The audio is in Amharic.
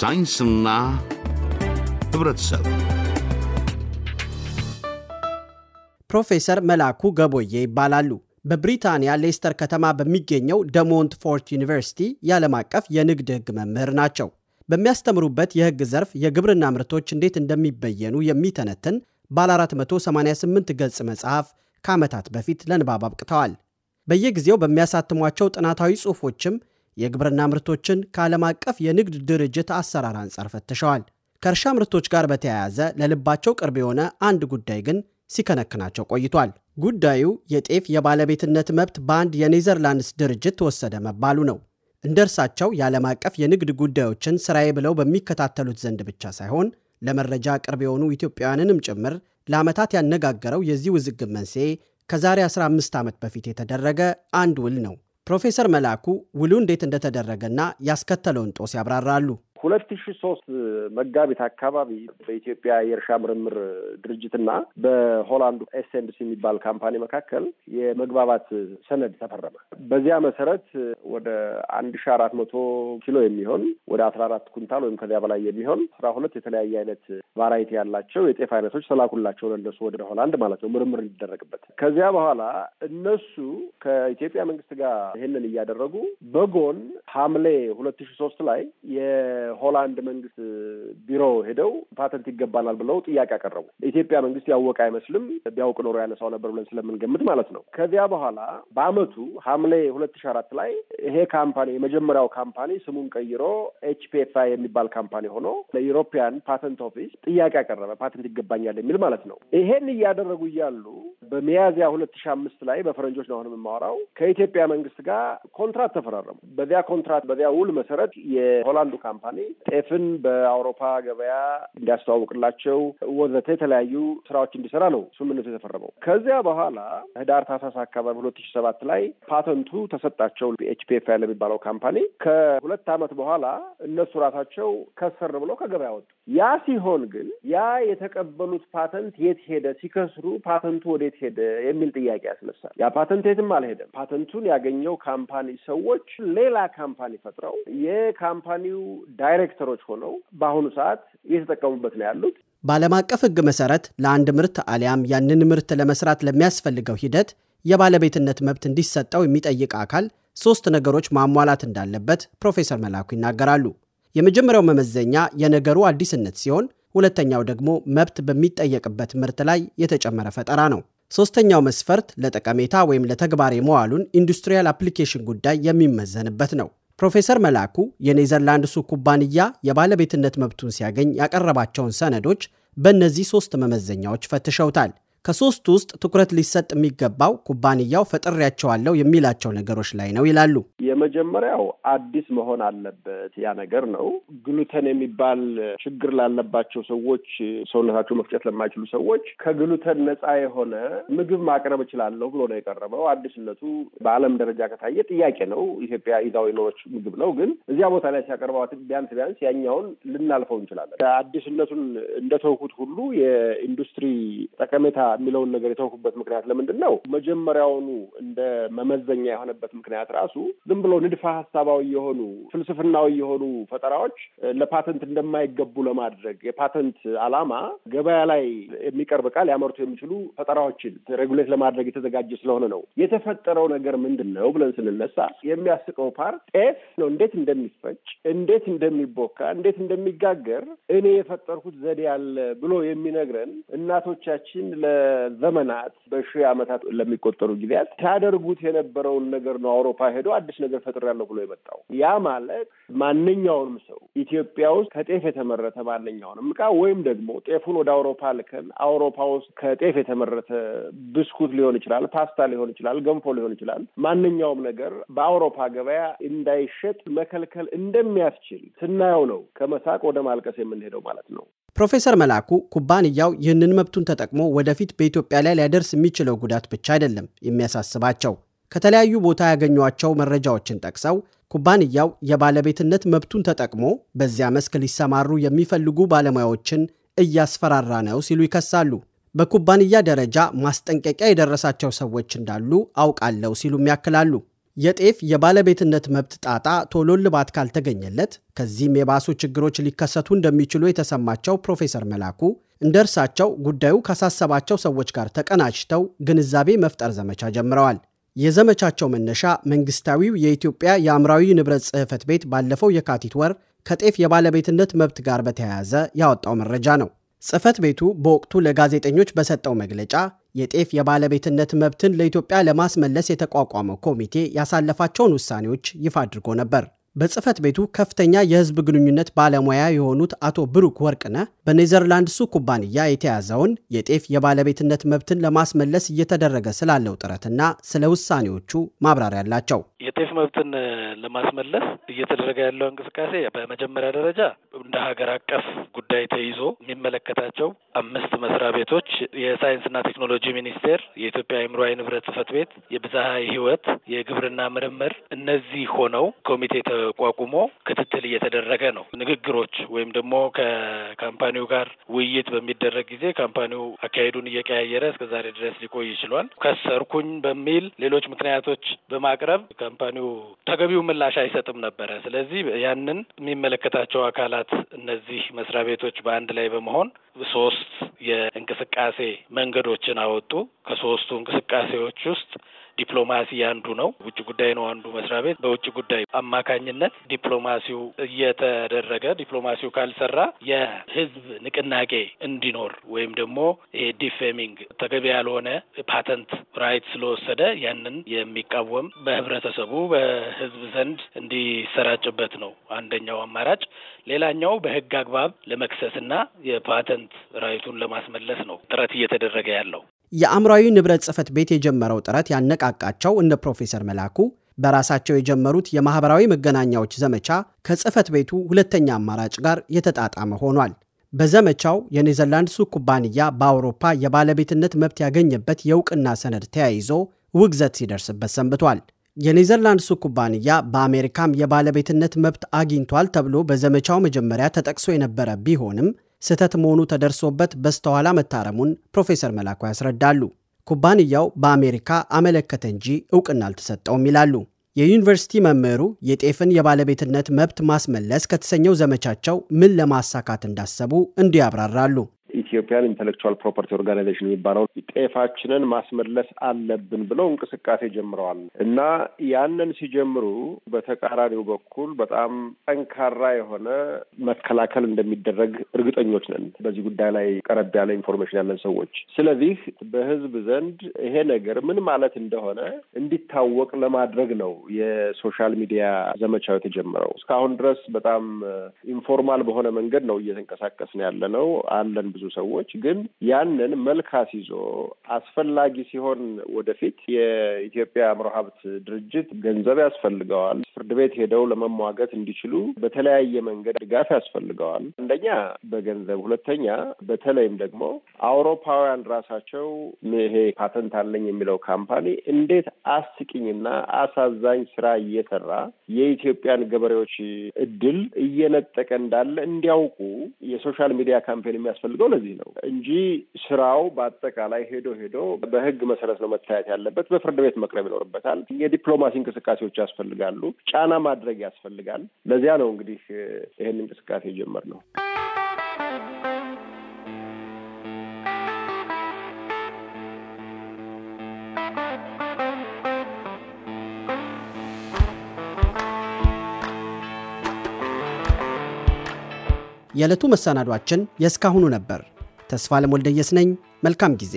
ሳይንስና ህብረተሰብ ፕሮፌሰር መላኩ ገቦዬ ይባላሉ። በብሪታንያ ሌስተር ከተማ በሚገኘው ደሞንት ፎርት ዩኒቨርሲቲ የዓለም አቀፍ የንግድ ህግ መምህር ናቸው። በሚያስተምሩበት የህግ ዘርፍ የግብርና ምርቶች እንዴት እንደሚበየኑ የሚተነትን ባለ 488 ገጽ መጽሐፍ ከዓመታት በፊት ለንባብ አብቅተዋል። በየጊዜው በሚያሳትሟቸው ጥናታዊ ጽሑፎችም የግብርና ምርቶችን ከዓለም አቀፍ የንግድ ድርጅት አሰራር አንጻር ፈትሸዋል። ከእርሻ ምርቶች ጋር በተያያዘ ለልባቸው ቅርብ የሆነ አንድ ጉዳይ ግን ሲከነክናቸው ቆይቷል። ጉዳዩ የጤፍ የባለቤትነት መብት በአንድ የኔዘርላንድስ ድርጅት ተወሰደ መባሉ ነው። እንደ እርሳቸው የዓለም አቀፍ የንግድ ጉዳዮችን ስራዬ ብለው በሚከታተሉት ዘንድ ብቻ ሳይሆን ለመረጃ ቅርብ የሆኑ ኢትዮጵያውያንንም ጭምር ለዓመታት ያነጋገረው የዚህ ውዝግብ መንስኤ ከዛሬ 15 ዓመት በፊት የተደረገ አንድ ውል ነው። ፕሮፌሰር መላኩ ውሉ እንዴት እንደተደረገና ያስከተለውን ጦስ ያብራራሉ። ሁለት ሺ ሶስት መጋቢት አካባቢ በኢትዮጵያ የእርሻ ምርምር ድርጅትና በሆላንዱ ኤስኤንድሲ የሚባል ካምፓኒ መካከል የመግባባት ሰነድ ተፈረመ። በዚያ መሰረት ወደ አንድ ሺ አራት መቶ ኪሎ የሚሆን ወደ አስራ አራት ኩንታል ወይም ከዚያ በላይ የሚሆን አስራ ሁለት የተለያየ አይነት ቫራይቲ ያላቸው የጤፍ አይነቶች ተላኩላቸው ለእነሱ ወደ ሆላንድ ማለት ነው ምርምር እንዲደረግበት። ከዚያ በኋላ እነሱ ከኢትዮጵያ መንግስት ጋር ይሄንን እያደረጉ በጎን ሐምሌ ሁለት ሺ ሶስት ላይ የሆላንድ መንግስት ቢሮ ሄደው ፓተንት ይገባናል ብለው ጥያቄ አቀረቡ። ኢትዮጵያ መንግስት ያወቀ አይመስልም። ቢያውቅ ኖሮ ያነሳው ነበር ብለን ስለምንገምት ማለት ነው። ከዚያ በኋላ በአመቱ ሐምሌ ሁለት ሺ አራት ላይ ይሄ ካምፓኒ የመጀመሪያው ካምፓኒ ስሙን ቀይሮ ኤችፒኤፍአይ የሚባል ካምፓኒ ሆኖ ለዩሮፒያን ፓተንት ኦፊስ ጥያቄ አቀረበ። ፓተንት ይገባኛል የሚል ማለት ነው። ይሄን እያደረጉ እያሉ በሚያዝያ ሁለት ሺ አምስት ላይ በፈረንጆች ነው አሁን የማወራው ከኢትዮጵያ መንግስት ጋር ኮንትራት ተፈራረሙ። በዚያ ኮንትራት በዚያ ውል መሰረት የሆላንዱ ካምፓኒ ጤፍን በአውሮፓ ገበያ እንዲያስተዋውቅላቸው ወዘተ የተለያዩ ስራዎች እንዲሰራ ነው ስምምነቱ የተፈረመው። ከዚያ በኋላ ህዳር ታህሳስ አካባቢ ሁለት ሺ ሰባት ላይ ፓተንቱ ተሰጣቸው ኤችፒኤፍ የሚባለው ካምፓኒ። ከሁለት አመት በኋላ እነሱ ራሳቸው ከሰር ብለው ከገበያ ወጡ። ያ ሲሆን ግን ያ የተቀበሉት ፓተንት የት ሄደ? ሲከስሩ ፓተንቱ ወዴት ሄደ የሚል ጥያቄ ያስነሳል። ያ ፓተንት የትም አልሄደም። ፓተንቱን ያገኘው ካምፓኒ ሰዎች ሌላ ካምፓኒ ፈጥረው የካምፓኒው ዳይሬክተሮች ሆነው በአሁኑ ሰዓት እየተጠቀሙበት ነው ያሉት። በዓለም አቀፍ ሕግ መሰረት ለአንድ ምርት አሊያም ያንን ምርት ለመስራት ለሚያስፈልገው ሂደት የባለቤትነት መብት እንዲሰጠው የሚጠይቅ አካል ሶስት ነገሮች ማሟላት እንዳለበት ፕሮፌሰር መላኩ ይናገራሉ። የመጀመሪያው መመዘኛ የነገሩ አዲስነት ሲሆን፣ ሁለተኛው ደግሞ መብት በሚጠየቅበት ምርት ላይ የተጨመረ ፈጠራ ነው። ሶስተኛው መስፈርት ለጠቀሜታ ወይም ለተግባር የመዋሉን ኢንዱስትሪያል አፕሊኬሽን ጉዳይ የሚመዘንበት ነው። ፕሮፌሰር መላኩ የኔዘርላንድሱ ኩባንያ የባለቤትነት መብቱን ሲያገኝ ያቀረባቸውን ሰነዶች በእነዚህ ሶስት መመዘኛዎች ፈትሸውታል። ከሶስቱ ውስጥ ትኩረት ሊሰጥ የሚገባው ኩባንያው ፈጥሬያቸዋለሁ የሚላቸው ነገሮች ላይ ነው ይላሉ። የመጀመሪያው አዲስ መሆን አለበት ያ ነገር ነው። ግሉተን የሚባል ችግር ላለባቸው ሰዎች፣ ሰውነታቸው መፍጨት ለማይችሉ ሰዎች ከግሉተን ነፃ የሆነ ምግብ ማቅረብ እችላለሁ ብሎ ነው የቀረበው። አዲስነቱ በዓለም ደረጃ ከታየ ጥያቄ ነው። ኢትዮጵያ ይዛው የኖረች ምግብ ነው፣ ግን እዚያ ቦታ ላይ ሲያቀርበው ቢያንስ ቢያንስ ያኛውን ልናልፈው እንችላለን። አዲስነቱን እንደተውኩት ሁሉ የኢንዱስትሪ ጠቀሜታ የሚለውን ነገር የተውኩበት ምክንያት ለምንድን ነው? መጀመሪያውኑ እንደ መመዘኛ የሆነበት ምክንያት ራሱ ዝም ብሎ ንድፈ ሀሳባዊ የሆኑ ፍልስፍናዊ የሆኑ ፈጠራዎች ለፓተንት እንደማይገቡ ለማድረግ የፓተንት ዓላማ ገበያ ላይ የሚቀርብ ዕቃ ሊያመርቱ የሚችሉ ፈጠራዎችን ሬጉሌት ለማድረግ የተዘጋጀ ስለሆነ ነው። የተፈጠረው ነገር ምንድን ነው ብለን ስንነሳ የሚያስቀው ፓርት ጤፍ ነው። እንዴት እንደሚፈጭ፣ እንዴት እንደሚቦካ፣ እንዴት እንደሚጋገር እኔ የፈጠርኩት ዘዴ አለ ብሎ የሚነግረን እናቶቻችን ለ ለዘመናት በሺህ ዓመታት ለሚቆጠሩ ጊዜያት ሲያደርጉት የነበረውን ነገር ነው አውሮፓ ሄዶ አዲስ ነገር ፈጥሬያለሁ ብሎ የመጣው። ያ ማለት ማንኛውንም ሰው ኢትዮጵያ ውስጥ ከጤፍ የተመረተ ማንኛውንም እቃ ወይም ደግሞ ጤፉን ወደ አውሮፓ ልከን አውሮፓ ውስጥ ከጤፍ የተመረተ ብስኩት ሊሆን ይችላል፣ ፓስታ ሊሆን ይችላል፣ ገንፎ ሊሆን ይችላል። ማንኛውም ነገር በአውሮፓ ገበያ እንዳይሸጥ መከልከል እንደሚያስችል ስናየው ነው ከመሳቅ ወደ ማልቀስ የምንሄደው ማለት ነው። ፕሮፌሰር መላኩ ኩባንያው ይህንን መብቱን ተጠቅሞ ወደፊት በኢትዮጵያ ላይ ሊያደርስ የሚችለው ጉዳት ብቻ አይደለም የሚያሳስባቸው። ከተለያዩ ቦታ ያገኟቸው መረጃዎችን ጠቅሰው ኩባንያው የባለቤትነት መብቱን ተጠቅሞ በዚያ መስክ ሊሰማሩ የሚፈልጉ ባለሙያዎችን እያስፈራራ ነው ሲሉ ይከሳሉ። በኩባንያ ደረጃ ማስጠንቀቂያ የደረሳቸው ሰዎች እንዳሉ አውቃለሁ ሲሉም ያክላሉ። የጤፍ የባለቤትነት መብት ጣጣ ቶሎ ልባት ካልተገኘለት ከዚህም የባሱ ችግሮች ሊከሰቱ እንደሚችሉ የተሰማቸው ፕሮፌሰር መላኩ እንደ እርሳቸው ጉዳዩ ካሳሰባቸው ሰዎች ጋር ተቀናጅተው ግንዛቤ መፍጠር ዘመቻ ጀምረዋል። የዘመቻቸው መነሻ መንግስታዊው የኢትዮጵያ የአእምራዊ ንብረት ጽህፈት ቤት ባለፈው የካቲት ወር ከጤፍ የባለቤትነት መብት ጋር በተያያዘ ያወጣው መረጃ ነው። ጽህፈት ቤቱ በወቅቱ ለጋዜጠኞች በሰጠው መግለጫ የጤፍ የባለቤትነት መብትን ለኢትዮጵያ ለማስመለስ የተቋቋመው ኮሚቴ ያሳለፋቸውን ውሳኔዎች ይፋ አድርጎ ነበር። በጽህፈት ቤቱ ከፍተኛ የህዝብ ግንኙነት ባለሙያ የሆኑት አቶ ብሩክ በኔዘርላንድ በኔዘርላንድሱ ኩባንያ የተያዘውን የጤፍ የባለቤትነት መብትን ለማስመለስ እየተደረገ ስላለው ጥረትና ስለ ውሳኔዎቹ ማብራሪያ አላቸው። የጤፍ መብትን ለማስመለስ እየተደረገ ያለው እንቅስቃሴ በመጀመሪያ ደረጃ እንደ ሀገር አቀፍ ጉዳይ ተይዞ የሚመለከታቸው አምስት መስሪያ ቤቶች የሳይንስና ቴክኖሎጂ ሚኒስቴር፣ የኢትዮጵያ አእምሯዊ ንብረት ጽህፈት ቤት፣ የብዝሃ ህይወት፣ የግብርና ምርምር እነዚህ ሆነው ኮሚቴ ተቋቁሞ ክትትል እየተደረገ ነው። ንግግሮች ወይም ደግሞ ከካምፓኒው ጋር ውይይት በሚደረግ ጊዜ ካምፓኒው አካሄዱን እየቀያየረ እስከ ዛሬ ድረስ ሊቆይ ይችሏል። ከሰርኩኝ በሚል ሌሎች ምክንያቶች በማቅረብ ካምፓኒው ተገቢው ምላሽ አይሰጥም ነበረ። ስለዚህ ያንን የሚመለከታቸው አካላት እነዚህ መስሪያ ቤቶች በአንድ ላይ በመሆን ሶስት የእንቅስቃሴ መንገዶችን አወጡ። ከሶስቱ እንቅስቃሴዎች ውስጥ ዲፕሎማሲ አንዱ ነው። ውጭ ጉዳይ ነው አንዱ መስሪያ ቤት። በውጭ ጉዳይ አማካኝነት ዲፕሎማሲው እየተደረገ ዲፕሎማሲው ካልሰራ የህዝብ ንቅናቄ እንዲኖር ወይም ደግሞ ዲፌሚንግ ተገቢ ያልሆነ ፓተንት ራይት ስለወሰደ ያንን የሚቃወም በህብረተሰቡ በህዝብ ዘንድ እንዲሰራጭበት ነው አንደኛው አማራጭ። ሌላኛው በህግ አግባብ ለመክሰስና የፓተንት ራይቱን ለማስመለስ ነው ጥረት እየተደረገ ያለው። የአእምራዊ ንብረት ጽህፈት ቤት የጀመረው ጥረት ያነቃቃቸው እነ ፕሮፌሰር መላኩ በራሳቸው የጀመሩት የማኅበራዊ መገናኛዎች ዘመቻ ከጽህፈት ቤቱ ሁለተኛ አማራጭ ጋር የተጣጣመ ሆኗል። በዘመቻው የኔዘርላንድሱ ኩባንያ በአውሮፓ የባለቤትነት መብት ያገኘበት የእውቅና ሰነድ ተያይዞ ውግዘት ሲደርስበት ሰንብቷል። የኔዘርላንድሱ ኩባንያ በአሜሪካም የባለቤትነት መብት አግኝቷል ተብሎ በዘመቻው መጀመሪያ ተጠቅሶ የነበረ ቢሆንም ስህተት መሆኑ ተደርሶበት በስተኋላ መታረሙን ፕሮፌሰር መላኩ ያስረዳሉ። ኩባንያው በአሜሪካ አመለከተ እንጂ እውቅና አልተሰጠውም ይላሉ። የዩኒቨርሲቲ መምህሩ የጤፍን የባለቤትነት መብት ማስመለስ ከተሰኘው ዘመቻቸው ምን ለማሳካት እንዳሰቡ እንዲያብራራሉ? ኢትዮጵያን ኢንተሌክቹዋል ፕሮፐርቲ ኦርጋናይዜሽን የሚባለው ጤፋችንን ማስመለስ አለብን ብለው እንቅስቃሴ ጀምረዋል እና ያንን ሲጀምሩ በተቃራኒው በኩል በጣም ጠንካራ የሆነ መከላከል እንደሚደረግ እርግጠኞች ነን፣ በዚህ ጉዳይ ላይ ቀረብ ያለ ኢንፎርሜሽን ያለን ሰዎች። ስለዚህ በህዝብ ዘንድ ይሄ ነገር ምን ማለት እንደሆነ እንዲታወቅ ለማድረግ ነው የሶሻል ሚዲያ ዘመቻው የተጀመረው። እስካሁን ድረስ በጣም ኢንፎርማል በሆነ መንገድ ነው እየተንቀሳቀስን ያለ ነው። አለን ብዙ ሰዎች ግን ያንን መልክ አስይዞ አስፈላጊ ሲሆን ወደፊት የኢትዮጵያ አእምሮ ሀብት ድርጅት ገንዘብ ያስፈልገዋል። ፍርድ ቤት ሄደው ለመሟገት እንዲችሉ በተለያየ መንገድ ድጋፍ ያስፈልገዋል። አንደኛ በገንዘብ፣ ሁለተኛ በተለይም ደግሞ አውሮፓውያን ራሳቸው ይሄ ፓተንት አለኝ የሚለው ካምፓኒ እንዴት አስቂኝና አሳዛኝ ስራ እየሰራ የኢትዮጵያን ገበሬዎች እድል እየነጠቀ እንዳለ እንዲያውቁ የሶሻል ሚዲያ ካምፔን የሚያስፈልገው ለዚህ ስለዚህ ነው እንጂ ስራው በአጠቃላይ ሄዶ ሄዶ በህግ መሰረት ነው መታየት ያለበት። በፍርድ ቤት መቅረብ ይኖርበታል። የዲፕሎማሲ እንቅስቃሴዎች ያስፈልጋሉ። ጫና ማድረግ ያስፈልጋል። ለዚያ ነው እንግዲህ ይህን እንቅስቃሴ ጀመር ነው። የዕለቱ መሰናዷችን የእስካሁኑ ነበር። ተስፋ አለም ነኝ። መልካም ጊዜ